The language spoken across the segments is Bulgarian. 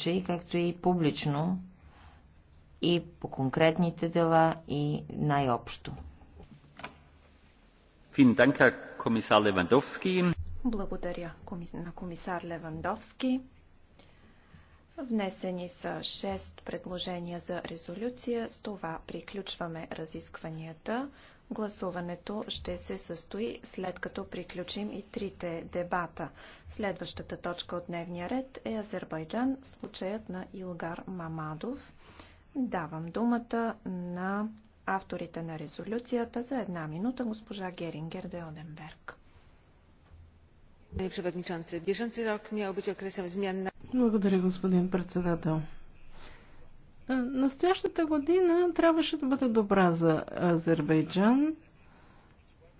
случаи, както и публично, и по конкретните дела, и най-общо. Благодаря на комисар Левандовски. Внесени са 6 предложения за резолюция. С това приключваме разискванията. Гласуването ще се състои след като приключим и трите дебата. Следващата точка от дневния ред е Азербайджан, случаят на Илгар Мамадов. Давам думата на авторите на резолюцията за една минута госпожа Герингер де Оденберг. Благодаря, господин председател. Е, настоящата година трябваше да бъде добра за Азербайджан.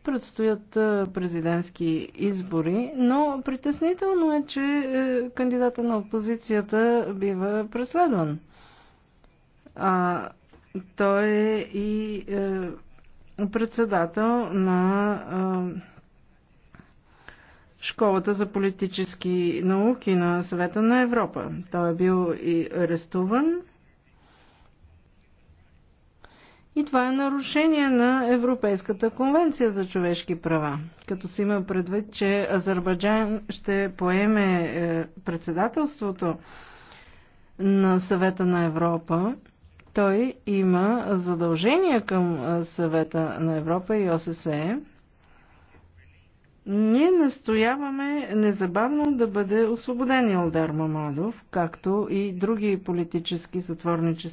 Предстоят е, президентски избори, но притеснително е, че е, кандидата на опозицията бива преследван. А, той е и е, председател на е, Школата за политически науки на Съвета на Европа. Той е бил и арестуван И това е нарушение на Европейската конвенция за човешки права. Като си има предвид, че Азербайджан ще поеме е, председателството на съвета на Европа, той има задължения към е, съвета на Европа и ОССЕ ние настояваме незабавно да бъде освободен Елдар Мамадов, както и други политически затворници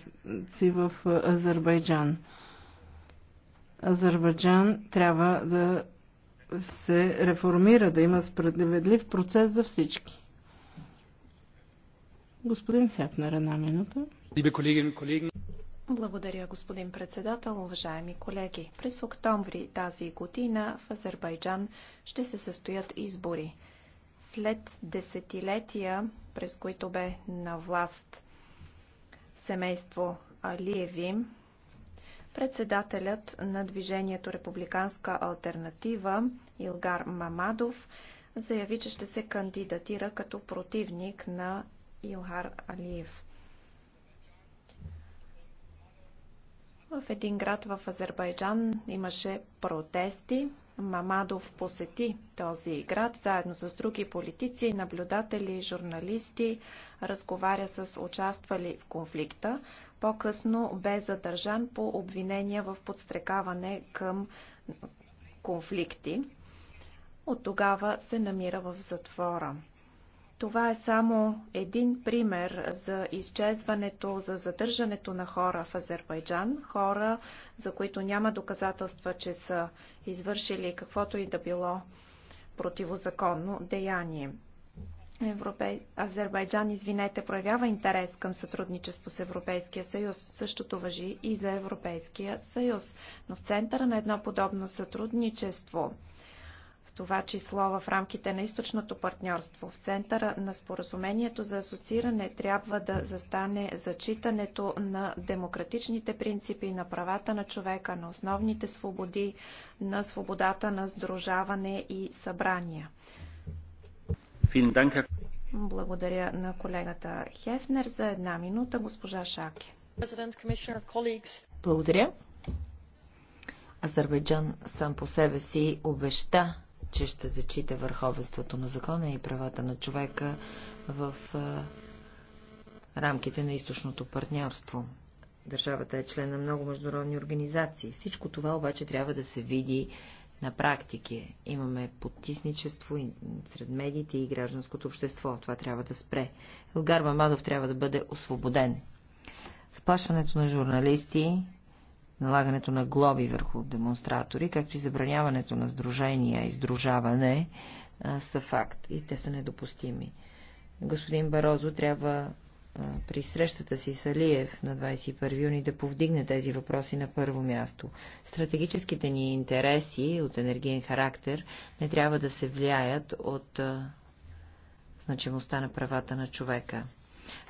в Азербайджан. Азербайджан трябва да се реформира, да има справедлив процес за всички. Господин Хепнер, една минута. Либе колеги и колеги. Благодаря, господин председател, уважаеми колеги. През октомври тази година в Азербайджан ще се състоят избори. След десетилетия, през които бе на власт семейство Алиеви, председателят на движението Републиканска альтернатива Илгар Мамадов заяви, че ще се кандидатира като противник на Илгар Алиев. В един град в Азербайджан имаше протести. Мамадов посети този град заедно с други политици, наблюдатели, журналисти, разговаря с участвали в конфликта. По-късно бе задържан по обвинения в подстрекаване към конфликти. От тогава се намира в затвора. Това е само един пример за изчезването, за задържането на хора в Азербайджан, хора, за които няма доказателства, че са извършили каквото и да било противозаконно деяние. Европей... Азербайджан, извинете, проявява интерес към сътрудничество с Европейския съюз. Същото въжи и за Европейския съюз. Но в центъра на едно подобно сътрудничество – това число в рамките на източното партньорство. В центъра на споразумението за асоцииране трябва да застане зачитането на демократичните принципи, на правата на човека, на основните свободи, на свободата на сдружаване и събрания. Благодаря на колегата Хефнер за една минута, госпожа Шаке. Благодаря. Азербайджан сам по себе си обеща че ще зачита върховенството на закона и правата на човека в рамките на източното партньорство. Държавата е член на много международни организации. Всичко това обаче трябва да се види на практики. Имаме подтисничество сред медиите и гражданското общество. Това трябва да спре. Елгар Мамадов трябва да бъде освободен. Сплашването на журналисти налагането на глоби върху демонстратори, както и забраняването на сдружения и сдружаване са факт и те са недопустими. Господин Барозо трябва при срещата си с Алиев на 21 юни да повдигне тези въпроси на първо място. Стратегическите ни интереси от енергиен характер не трябва да се влияят от значимостта на правата на човека.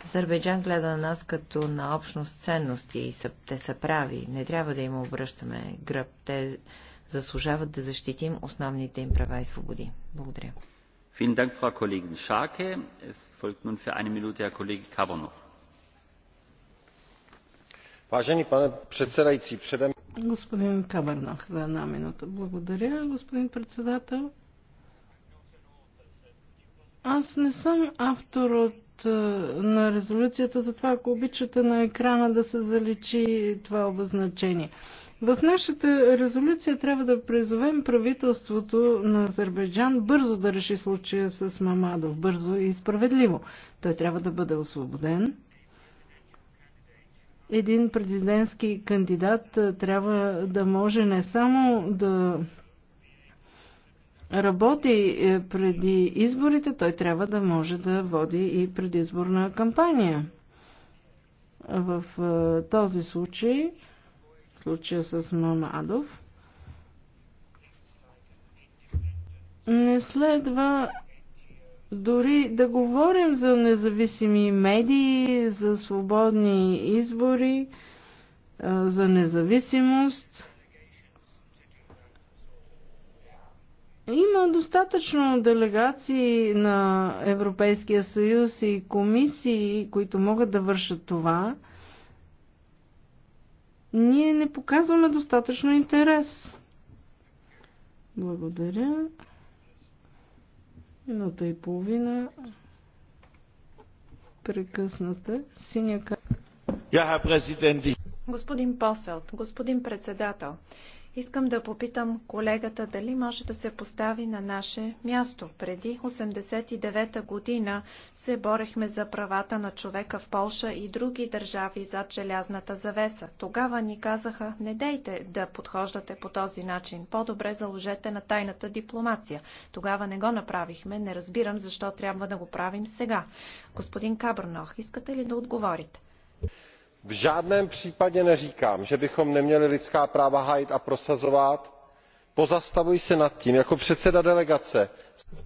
Азербайджан гледа на нас като на общност ценности и са, те са прави. Не трябва да им обръщаме гръб. Те заслужават да защитим основните им права и свободи. Благодаря. Vážený pane předsedající, předem... Господин Кабернах за една минута. Благодаря, господин председател. Аз не съм автор от е, на резолюцията, затова ако обичате на екрана да се заличи това обозначение. В нашата резолюция трябва да призовем правителството на Азербайджан бързо да реши случая с Мамадов, бързо и справедливо. Той трябва да бъде освободен. Един президентски кандидат е, трябва да може не само да работи е, преди изборите, той трябва да може да води и предизборна кампания. В е, този случай, в случая с Адов, не следва дори да говорим за независими медии, за свободни избори, е, за независимост. Има достатъчно делегации на Европейския съюз и комисии, които могат да вършат това. Ние не показваме достатъчно интерес. Благодаря. Минута и половина. Прекъсната. Синяка. Господин Посел, господин председател, Искам да попитам колегата дали може да се постави на наше място. Преди 89-та година се борехме за правата на човека в Полша и други държави зад желязната завеса. Тогава ни казаха, не дейте да подхождате по този начин, по-добре заложете на тайната дипломация. Тогава не го направихме, не разбирам защо трябва да го правим сега. Господин Кабрнох, искате ли да отговорите? v žádném případě neříkám že bychom neměli lidská práva hájit a prosazovat pozastavuji se nad tím jako předseda delegace jsem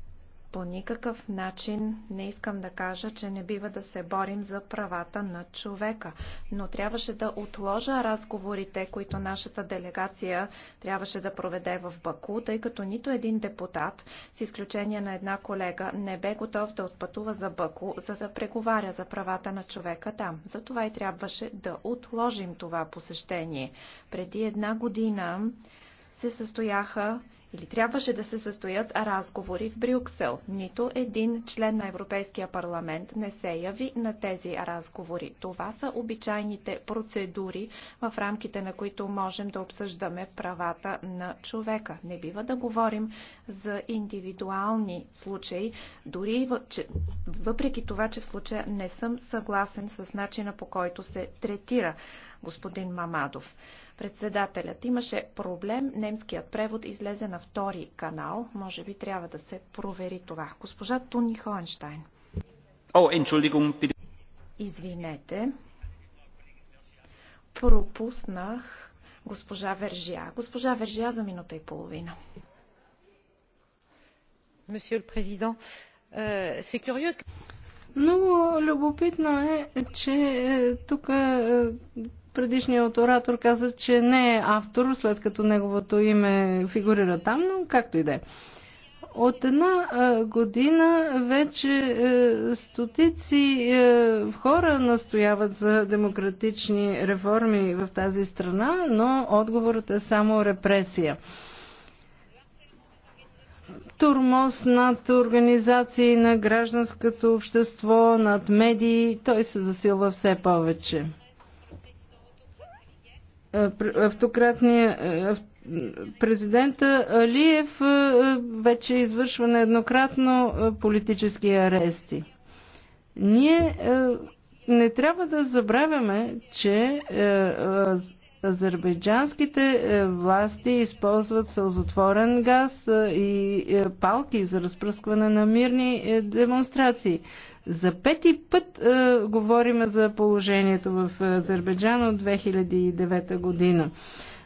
по никакъв начин не искам да кажа, че не бива да се борим за правата на човека, но трябваше да отложа разговорите, които нашата делегация трябваше да проведе в Баку, тъй като нито един депутат, с изключение на една колега, не бе готов да отпътува за Баку, за да преговаря за правата на човека там. Затова и трябваше да отложим това посещение. Преди една година се състояха или трябваше да се състоят разговори в Брюксел. Нито един член на Европейския парламент не се яви на тези разговори. Това са обичайните процедури, в рамките на които можем да обсъждаме правата на човека. Не бива да говорим за индивидуални случаи, дори въпреки това, че в случая не съм съгласен с начина по който се третира господин Мамадов. Председателят имаше проблем, немският превод излезе на втори канал. Може би трябва да се провери това. Госпожа Туни Хоенштайн. Oh, Извинете. Пропуснах госпожа Вержия. Госпожа Вержия за минута и половина. Euh, Много любопитно е, че е, тук е, Предишният оратор каза, че не е автор, след като неговото име фигурира там, но както и да е. От една година вече е, стотици е, хора настояват за демократични реформи в тази страна, но отговорът е само репресия. Турмоз над организации на гражданското общество, над медии, той се засилва все повече автократния е, президента Алиев е, вече извършва нееднократно е, политически арести. Ние не трябва да забравяме, че азербайджанските власти използват сълзотворен газ и палки за разпръскване на мирни демонстрации. За пети път е, говорим за положението в Азербайджан от 2009 година.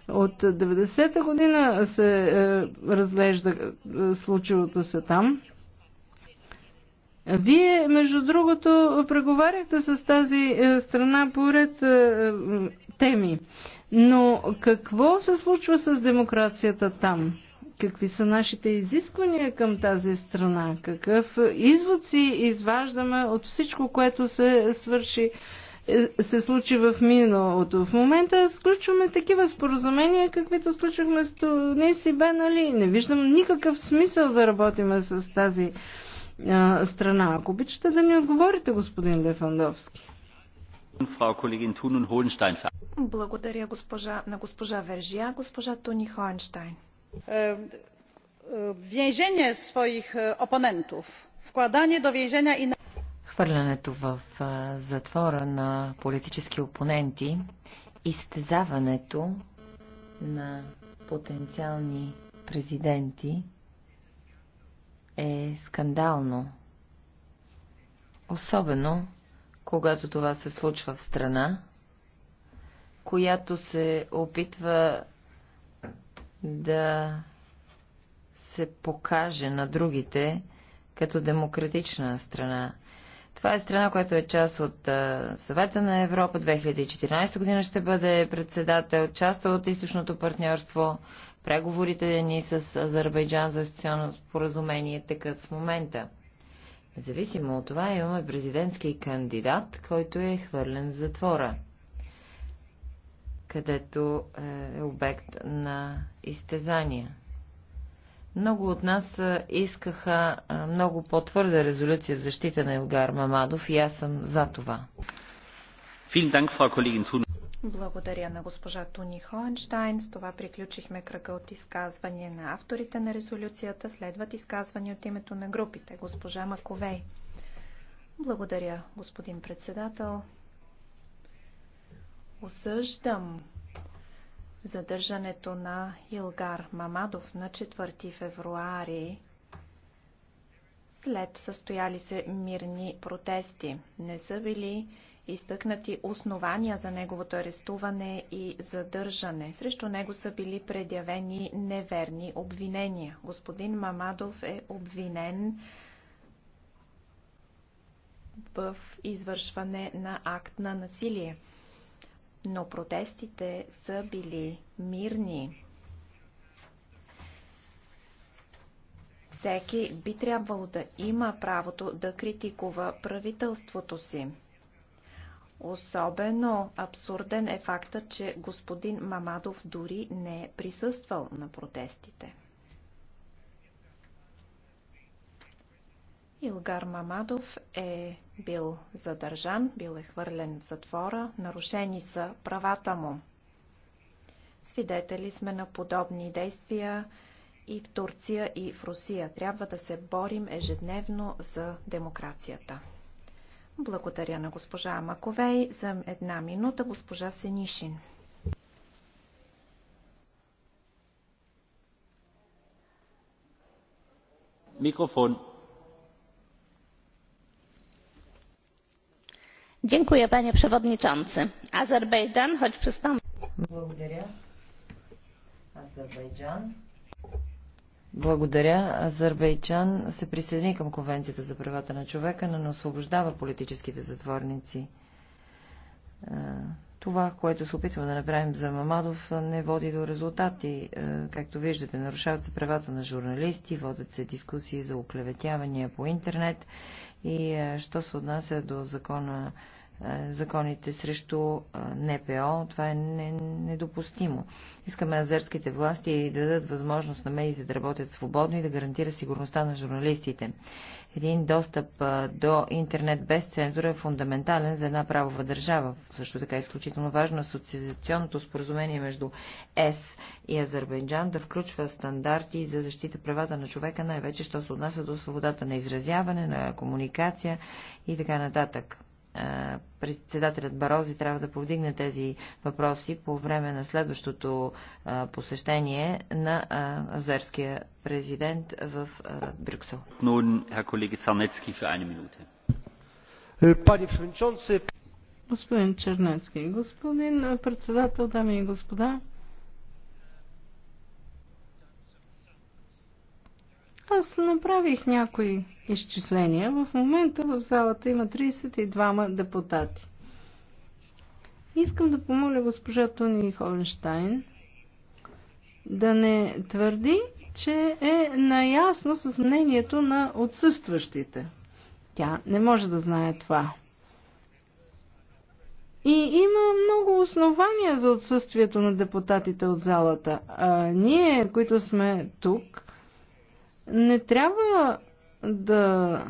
От 90-та година се е, разглежда е, случилото се там. Вие, между другото, преговаряхте с тази е, страна по ред е, е, теми. Но какво се случва с демокрацията там? какви са нашите изисквания към тази страна, какъв извод си изваждаме от всичко, което се свърши е, се случи в миналото. В момента сключваме такива споразумения, каквито сключвахме с Тунис и Бен Али. Не виждам никакъв смисъл да работиме с тази а, страна. Ако обичате да ми отговорите, господин Лефандовски. Благодаря госпожа, на госпожа Вержия, госпожа Тони Хоенштайн. E, e, więzienie swoich e, oponentów, wkładanie do więzienia i хвърлянето в е, затвора на политически опоненти, изтезаването на потенциални президенти е скандално. Особено, когато това се случва в страна, която се опитва да се покаже на другите като демократична страна. Това е страна, която е част от Съвета на Европа. 2014 година ще бъде председател, част от източното партньорство. Преговорите ни с Азербайджан за институционно споразумение текат в момента. Независимо от това имаме президентски кандидат, който е хвърлен в затвора – където е, е обект на изтезания. Много от нас е, искаха е, много по-твърда резолюция в защита на Илгар Мамадов и аз съм за това. Благодаря на госпожа Туни Хоенштайн. С това приключихме кръга от изказвания на авторите на резолюцията. Следват изказвания от името на групите. Госпожа Маковей. Благодаря, господин председател. Осъждам задържането на Илгар Мамадов на 4 февруари след състояли се мирни протести. Не са били изтъкнати основания за неговото арестуване и задържане. Срещу него са били предявени неверни обвинения. Господин Мамадов е обвинен в извършване на акт на насилие но протестите са били мирни. Всеки би трябвало да има правото да критикува правителството си. Особено абсурден е факта, че господин Мамадов дори не е присъствал на протестите. Илгар Мамадов е бил задържан, бил е хвърлен в затвора, нарушени са правата му. Свидетели сме на подобни действия и в Турция, и в Русия. Трябва да се борим ежедневно за демокрацията. Благодаря на госпожа Маковей. За една минута госпожа Сенишин. Микрофон. panie przewodniczący! azerbejdżan choć przystąpił. Благодаря. Азербайджан се присъедини към Конвенцията за правата на човека, но не освобождава политическите затворници. Това, което се опитваме да направим за Мамадов, не води до резултати. Както виждате, нарушават се правата на журналисти, водят се дискусии за оклеветявания по интернет и що се отнася до закона е, законите срещу е, НПО. Това е недопустимо. Искаме азерските власти да дадат възможност на медиите да работят свободно и да гарантира сигурността на журналистите. Един достъп е, до интернет без цензура е фундаментален за една правова държава. Също така е изключително важно асоциационното споразумение между ЕС и Азербайджан да включва стандарти за защита правата на човека, най-вече що се отнася до свободата на изразяване, на комуникация и така нататък. Е, председателят Барози трябва да повдигне тези въпроси по време на следващото е, посещение на е, азерския президент в Брюксел. Господин Чернецки, господин председател, дами и господа, Аз направих някои изчисления. В момента в залата има 32 депутати. Искам да помоля госпожа Туни Холнштайн да не твърди, че е наясно с мнението на отсъстващите. Тя не може да знае това. И има много основания за отсъствието на депутатите от залата. А ние, които сме тук, не трябва да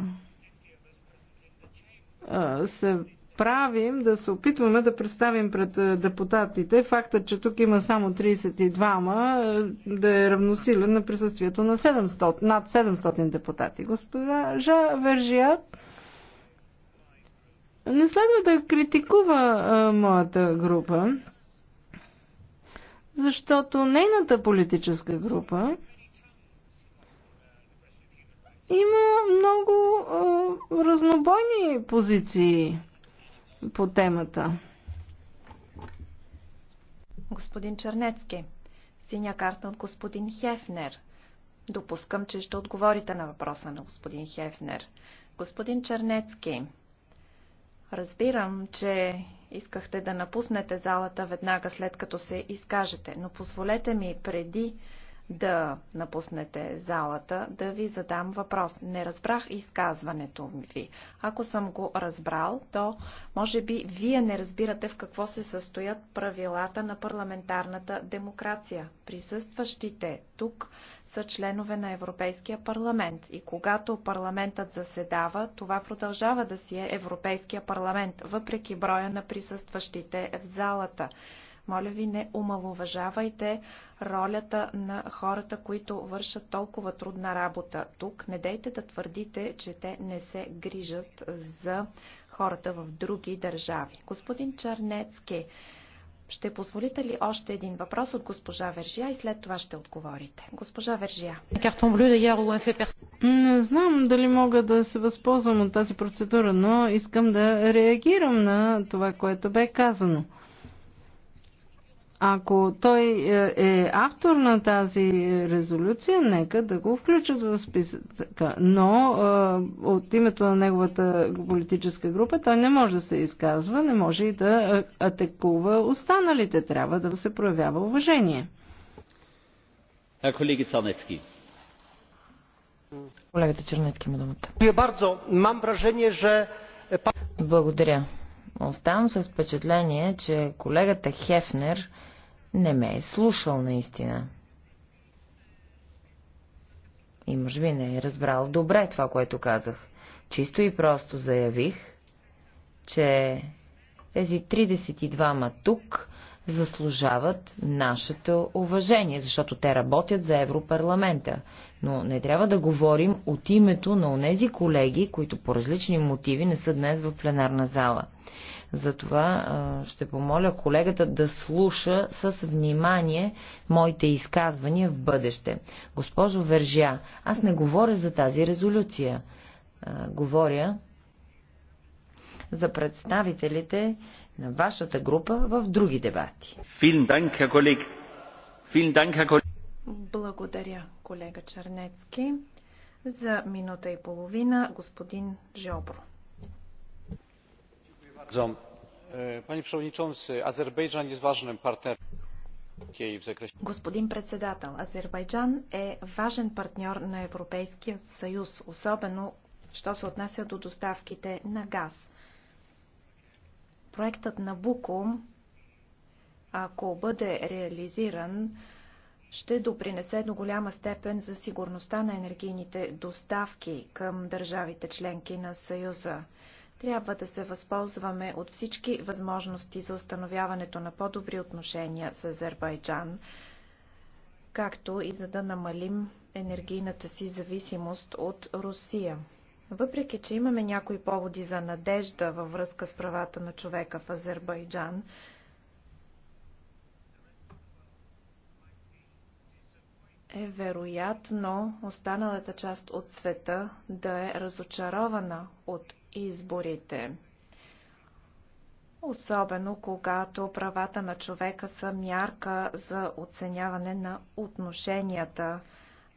се правим, да се опитваме да представим пред депутатите фактът, че тук има само 32-ма, да е равносилен на присъствието на 700, над 700 депутати. Господа Жа Вержият не следва да критикува а, моята група, защото нейната политическа група има много а, разнобойни позиции по темата. Господин Чернецки, синя карта от господин Хефнер. Допускам, че ще отговорите на въпроса на господин Хефнер. Господин Чернецки, разбирам, че искахте да напуснете залата веднага след като се изкажете, но позволете ми преди да напуснете залата, да ви задам въпрос. Не разбрах изказването ви. Ако съм го разбрал, то може би вие не разбирате в какво се състоят правилата на парламентарната демокрация. Присъстващите тук са членове на Европейския парламент и когато парламентът заседава, това продължава да си е Европейския парламент, въпреки броя на присъстващите в залата. Моля ви, не омалуважавайте ролята на хората, които вършат толкова трудна работа тук. Не дейте да твърдите, че те не се грижат за хората в други държави. Господин Чарнецки, ще позволите ли още един въпрос от госпожа Вержия и след това ще отговорите? Госпожа Вержия. Не знам дали мога да се възползвам от тази процедура, но искам да реагирам на това, което бе казано. Ако той е, е автор на тази резолюция, нека да го включат в списъка. Но е, от името на неговата политическа група той не може да се изказва, не може и да е, атакува останалите. Трябва да се проявява уважение. Колегата Чернецки има думата. Благодаря. Оставам с впечатление, че колегата Хефнер не ме е слушал наистина. И може би не е разбрал добре това, което казах. Чисто и просто заявих, че тези 32-ма тук заслужават нашето уважение, защото те работят за Европарламента. Но не трябва да говорим от името на онези колеги, които по различни мотиви не са днес в пленарна зала. Затова ще помоля колегата да слуша с внимание моите изказвания в бъдеще. Госпожо Вержя, аз не говоря за тази резолюция. Говоря за представителите на вашата група в други дебати. Благодаря, колега Чернецки. За минута и половина господин Жобро. E, Господин председател, Азербайджан е важен партньор на Европейския съюз, особено що се отнася до доставките на газ. Проектът на Буко, ако бъде реализиран, ще допринесе до голяма степен за сигурността на енергийните доставки към държавите членки на Съюза. Трябва да се възползваме от всички възможности за установяването на по-добри отношения с Азербайджан, както и за да намалим енергийната си зависимост от Русия. Въпреки, че имаме някои поводи за надежда във връзка с правата на човека в Азербайджан, е вероятно останалата част от света да е разочарована от изборите. Особено когато правата на човека са мярка за оценяване на отношенията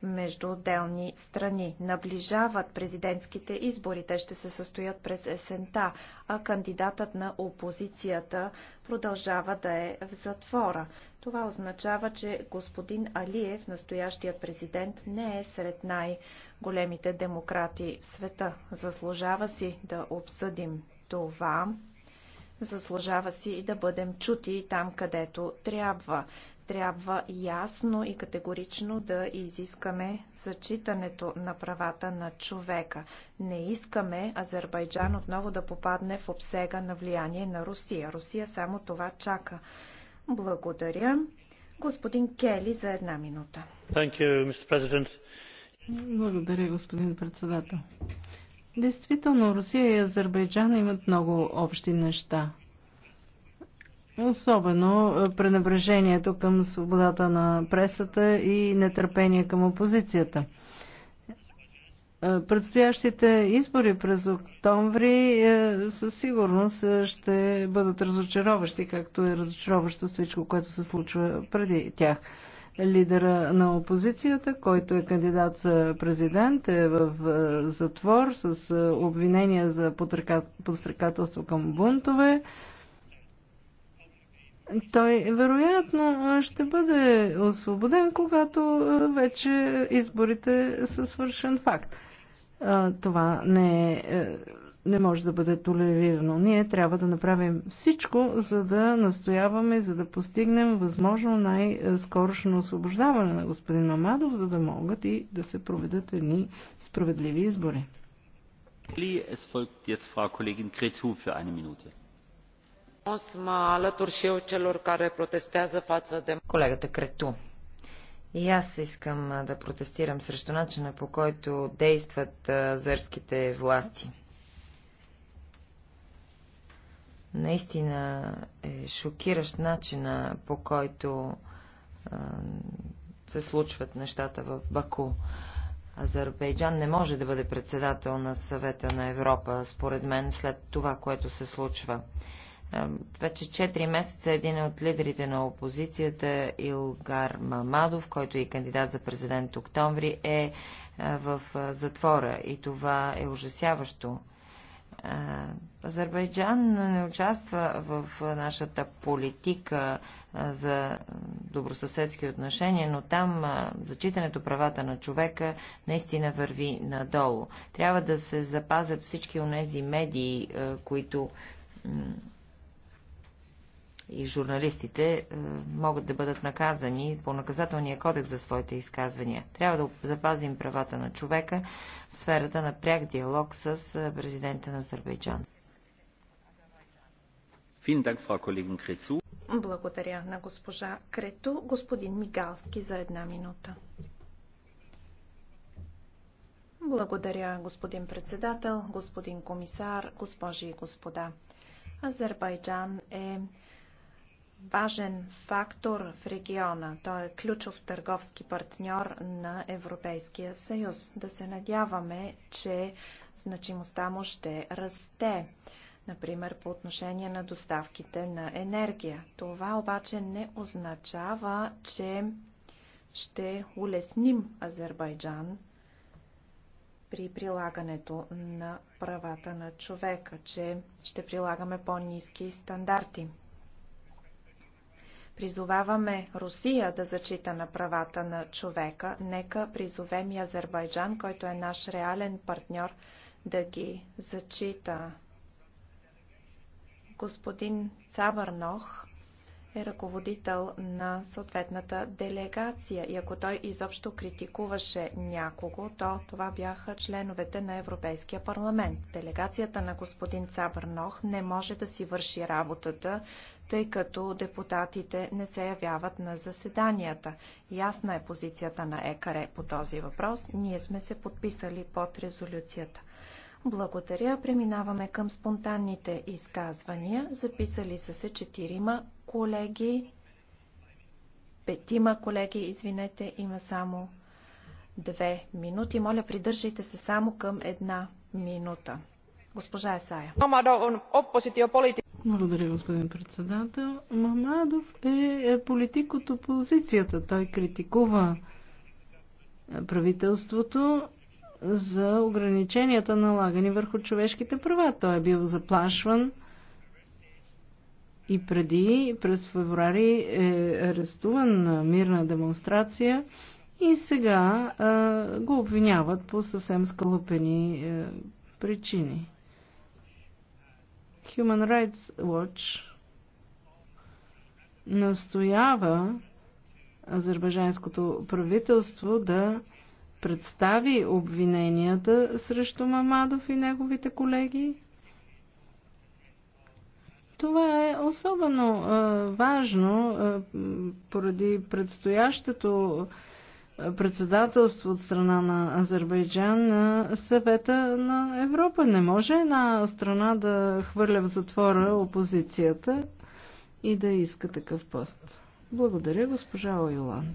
между отделни страни. Наближават президентските избори, те ще се състоят през есента, а кандидатът на опозицията продължава да е в затвора. Това означава, че господин Алиев, настоящия президент, не е сред най-големите демократи в света. Заслужава си да обсъдим това. Заслужава си и да бъдем чути там, където трябва трябва ясно и категорично да изискаме зачитането на правата на човека. Не искаме Азербайджан отново да попадне в обсега на влияние на Русия. Русия само това чака. Благодаря. Господин Кели за една минута. You, Благодаря, господин председател. Действително, Русия и Азербайджан имат много общи неща. Особено е, пренебрежението към свободата на пресата и нетърпение към опозицията. Е, предстоящите избори през октомври е, със сигурност ще бъдат разочароващи, както е разочароващо всичко, което се случва преди тях. Лидера на опозицията, който е кандидат за президент, е в затвор с обвинения за подстрекателство към бунтове. Той вероятно ще бъде освободен, когато вече изборите са свършен факт. Това не, е, е, не може да бъде толерирано. Ние трябва да направим всичко, за да настояваме, за да постигнем възможно най-скорошно освобождаване на господин Мамадов, за да могат и да се проведат едни справедливи избори. Ли, folgt е jetzt е колегин Kollegin Kretu една минута mă alătur și eu celor care protestează față de... Колегата Крету. И аз искам да протестирам срещу начина по който действат зърските власти. Наистина е шокиращ начина по който се случват нещата в Баку. Азербайджан не може да бъде председател на съвета на Европа, според мен, след това, което се случва. Вече 4 месеца един от лидерите на опозицията, Илгар Мамадов, който е кандидат за президент октомври, е в затвора и това е ужасяващо. Азербайджан не участва в нашата политика за добросъседски отношения, но там зачитането правата на човека наистина върви надолу. Трябва да се запазят всички тези медии, които и журналистите е, могат да бъдат наказани по наказателния кодекс за своите изказвания. Трябва да запазим правата на човека в сферата на пряк диалог с е, президента на Азербайджан. Благодаря на госпожа Крето. Господин Мигалски за една минута. Благодаря, господин председател, господин комисар, госпожи и господа. Азербайджан е важен фактор в региона. Той е ключов търговски партньор на Европейския съюз. Да се надяваме, че значимостта му ще расте, например по отношение на доставките на енергия. Това обаче не означава, че ще улесним Азербайджан при прилагането на правата на човека, че ще прилагаме по-низки стандарти призоваваме Русия да зачита на правата на човека, нека призовем и Азербайджан, който е наш реален партньор, да ги зачита. Господин Цабърнох е ръководител на съответната делегация и ако той изобщо критикуваше някого, то това бяха членовете на Европейския парламент. Делегацията на господин Цабърнох не може да си върши работата, тъй като депутатите не се явяват на заседанията. Ясна е позицията на ЕКАРЕ по този въпрос. Ние сме се подписали под резолюцията. Благодаря. Преминаваме към спонтанните изказвания. Записали са се четирима колеги. Петима колеги, извинете, има само две минути. Моля, придържайте се само към една минута. Госпожа Есая. Благодаря, господин председател. Мамадов е, е политик от опозицията. Той критикува правителството за ограниченията налагани върху човешките права. Той е бил заплашван и преди, през феврари е арестуван на мирна демонстрация и сега е, го обвиняват по съвсем скалъпени е, причини. Human Rights Watch настоява азербайджанското правителство да представи обвиненията срещу Мамадов и неговите колеги. Това е особено а, важно а, поради предстоящото председателство от страна на Азербайджан на съвета на Европа. Не може една страна да хвърля в затвора опозицията и да иска такъв пост. Благодаря, госпожа Ойланд.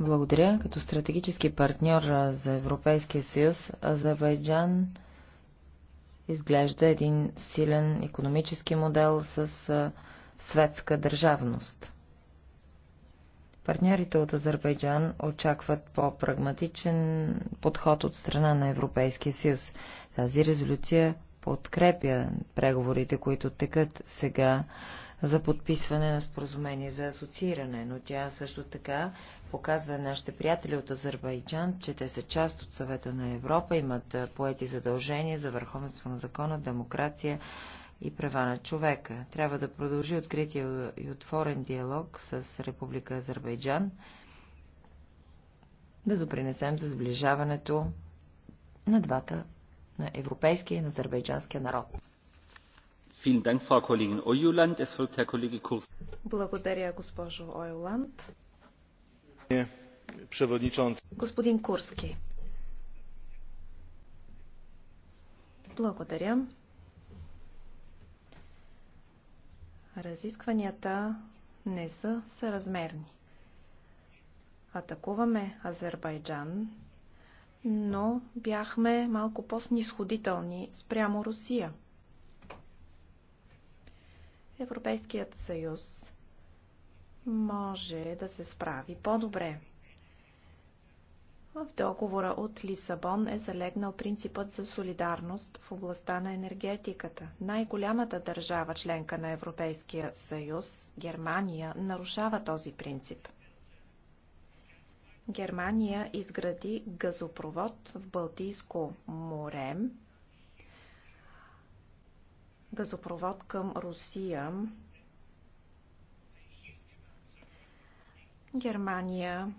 Благодаря. Като стратегически партньор за Европейския съюз, Азербайджан изглежда един силен економически модел с светска държавност. Партньорите от Азербайджан очакват по-прагматичен подход от страна на Европейския съюз. Тази резолюция подкрепя преговорите, които текат сега за подписване на споразумение за асоцииране, но тя също така показва нашите приятели от Азербайджан, че те са част от съвета на Европа, имат поети задължения за върховенство на закона, демокрация и права на човека. Трябва да продължи открития и отворен диалог с Република Азербайджан, да допринесем за сближаването на двата на европейския и на азербайджанския народ. Благодаря, госпожо Ойланд. Господин Курски. Благодаря. Разискванията не са съразмерни. Атакуваме Азербайджан, но бяхме малко по-снисходителни спрямо Русия. Европейският съюз може да се справи по-добре. В договора от Лисабон е залегнал принципът за солидарност в областта на енергетиката. Най-голямата държава членка на Европейския съюз, Германия, нарушава този принцип. Германия изгради газопровод в Балтийско море, газопровод към Русия. Германия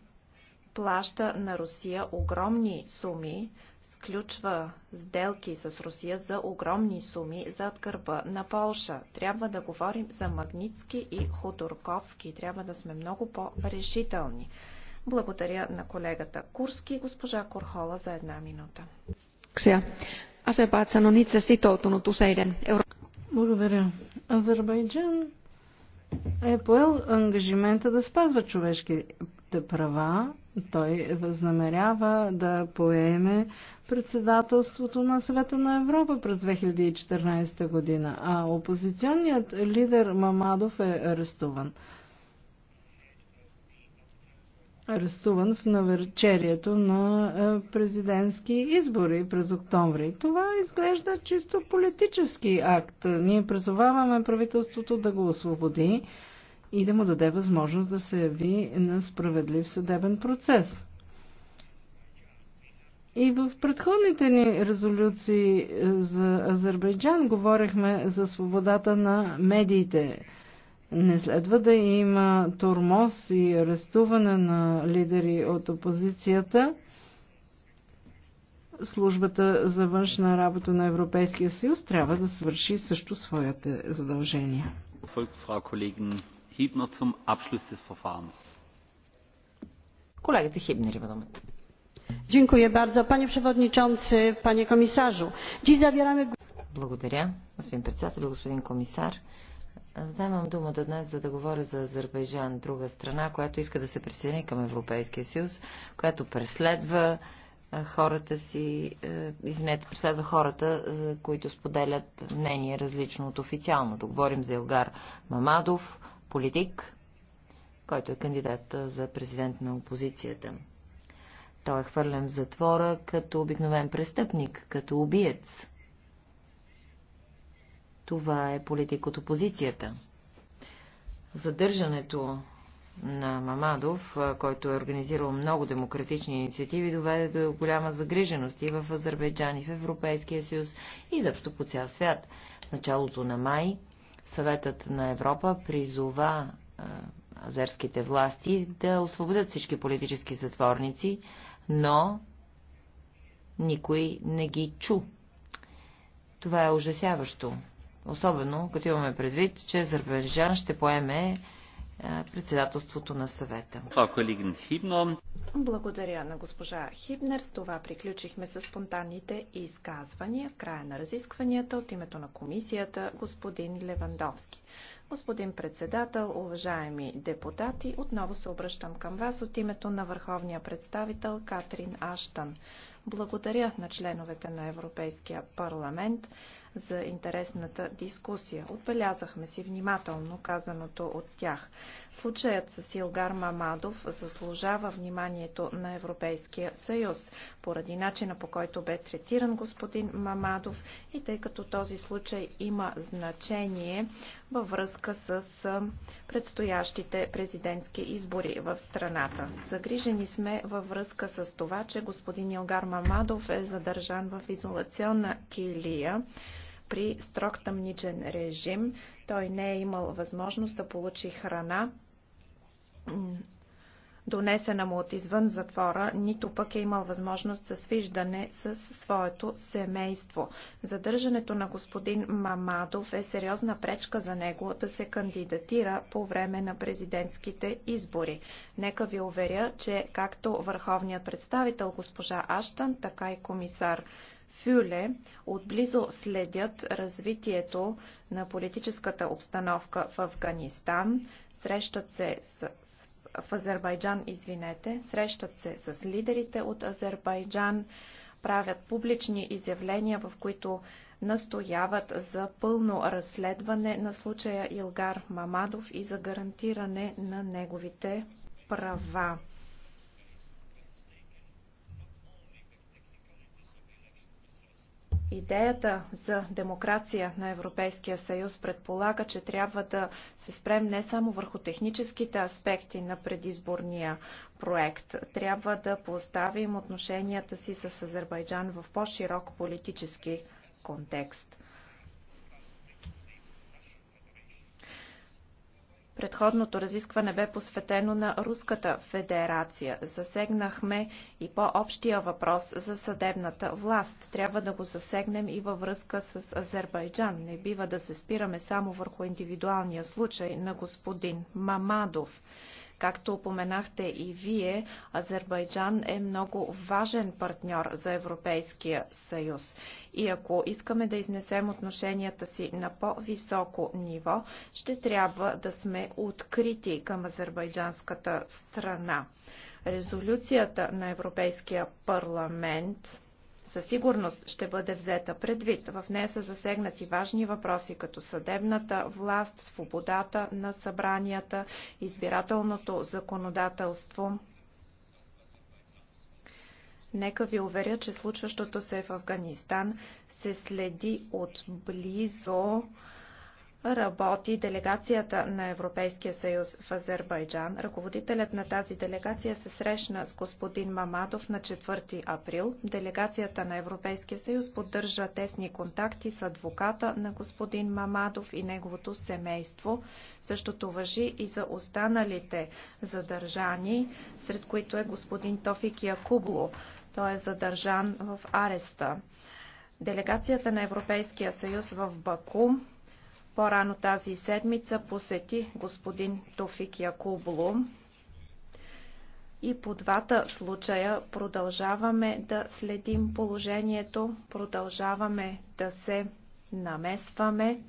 плаща на Русия огромни суми, сключва сделки с Русия за огромни суми зад гърба на Полша. Трябва да говорим за Магницки и Ходорковски. Трябва да сме много по-решителни. Благодаря на колегата Курски и госпожа Корхола за една минута. Азербайджан on itse sitoutunut useiden Благодаря. Азербайджан е поел ангажимента да спазва човешките права. Той възнамерява да поеме председателството на Съвета на Европа през 2014 година, а опозиционният лидер Мамадов е арестуван арестуван в навечерието на президентски избори през октомври. Това изглежда чисто политически акт. Ние призоваваме правителството да го освободи и да му даде възможност да се яви на справедлив съдебен процес. И в предходните ни резолюции за Азербайджан говорихме за свободата на медиите не следва да има тормоз и арестуване на лидери от опозицията. Службата за външна работа на Европейския съюз трябва да свърши също своите задължения. Колегата Хибнер има думата panie przewodniczący panie komisarzu! dziś zabieramy głos. Вземам думата днес, за да говоря за Азербайджан, друга страна, която иска да се присъедини към Европейския съюз, която преследва хората си, извинете, преследва хората, които споделят мнение различно от официалното. Говорим за Елгар Мамадов, политик, който е кандидат за президент на опозицията. Той е хвърлен в затвора като обикновен престъпник, като убиец. Това е политик от опозицията. Задържането на Мамадов, който е организирал много демократични инициативи, доведе до голяма загриженост и в Азербайджан, и в Европейския съюз, и заобщо по цял свят. В началото на май Съветът на Европа призова азерските власти да освободят всички политически затворници, но никой не ги чу. Това е ужасяващо. Особено, като имаме предвид, че Азербайджан ще поеме е, председателството на съвета. Благодаря на госпожа Хибнер. С това приключихме с спонтанните изказвания. В края на разискванията от името на комисията господин Левандовски. Господин председател, уважаеми депутати, отново се обръщам към вас от името на върховния представител Катрин Аштан. Благодаря на членовете на Европейския парламент за интересната дискусия. Отбелязахме си внимателно казаното от тях. Случаят с Илгар Мамадов заслужава вниманието на Европейския съюз, поради начина по който бе третиран господин Мамадов и тъй като този случай има значение във връзка с предстоящите президентски избори в страната. Загрижени сме във връзка с това, че господин Илгар Мамадов е задържан в изолационна килия при строг тъмничен режим. Той не е имал възможност да получи храна, донесена му от извън затвора, нито пък е имал възможност за свиждане с своето семейство. Задържането на господин Мамадов е сериозна пречка за него да се кандидатира по време на президентските избори. Нека ви уверя, че както върховният представител госпожа Аштан, така и комисар Фюле отблизо следят развитието на политическата обстановка в Афганистан, срещат се с, в Азербайджан, извинете, срещат се с лидерите от Азербайджан, правят публични изявления, в които настояват за пълно разследване на случая Илгар Мамадов и за гарантиране на неговите права. Идеята за демокрация на Европейския съюз предполага, че трябва да се спрем не само върху техническите аспекти на предизборния проект. Трябва да поставим отношенията си с Азербайджан в по-широк политически контекст. Предходното разискване бе посветено на Руската федерация. Засегнахме и по-общия въпрос за съдебната власт. Трябва да го засегнем и във връзка с Азербайджан. Не бива да се спираме само върху индивидуалния случай на господин Мамадов. Както упоменахте и вие, Азербайджан е много важен партньор за Европейския съюз. И ако искаме да изнесем отношенията си на по-високо ниво, ще трябва да сме открити към азербайджанската страна. Резолюцията на Европейския парламент със сигурност ще бъде взета предвид. В нея са засегнати важни въпроси, като съдебната власт, свободата на събранията, избирателното законодателство. Нека ви уверя, че случващото се в Афганистан се следи отблизо близо работи делегацията на Европейския съюз в Азербайджан. Ръководителят на тази делегация се срещна с господин Мамадов на 4 април. Делегацията на Европейския съюз поддържа тесни контакти с адвоката на господин Мамадов и неговото семейство. Същото въжи и за останалите задържани, сред които е господин Тофик Якубло. Той е задържан в ареста. Делегацията на Европейския съюз в Баку по-рано тази седмица посети господин Тофик Якублу и по двата случая продължаваме да следим положението, продължаваме да се намесваме.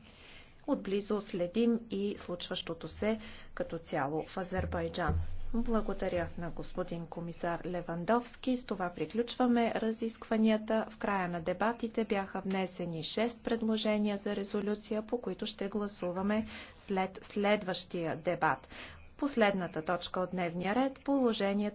Отблизо следим и случващото се като цяло в Азербайджан. Благодаря на господин комисар Левандовски. С това приключваме разискванията. В края на дебатите бяха внесени 6 предложения за резолюция, по които ще гласуваме след следващия дебат. Последната точка от дневния ред – положението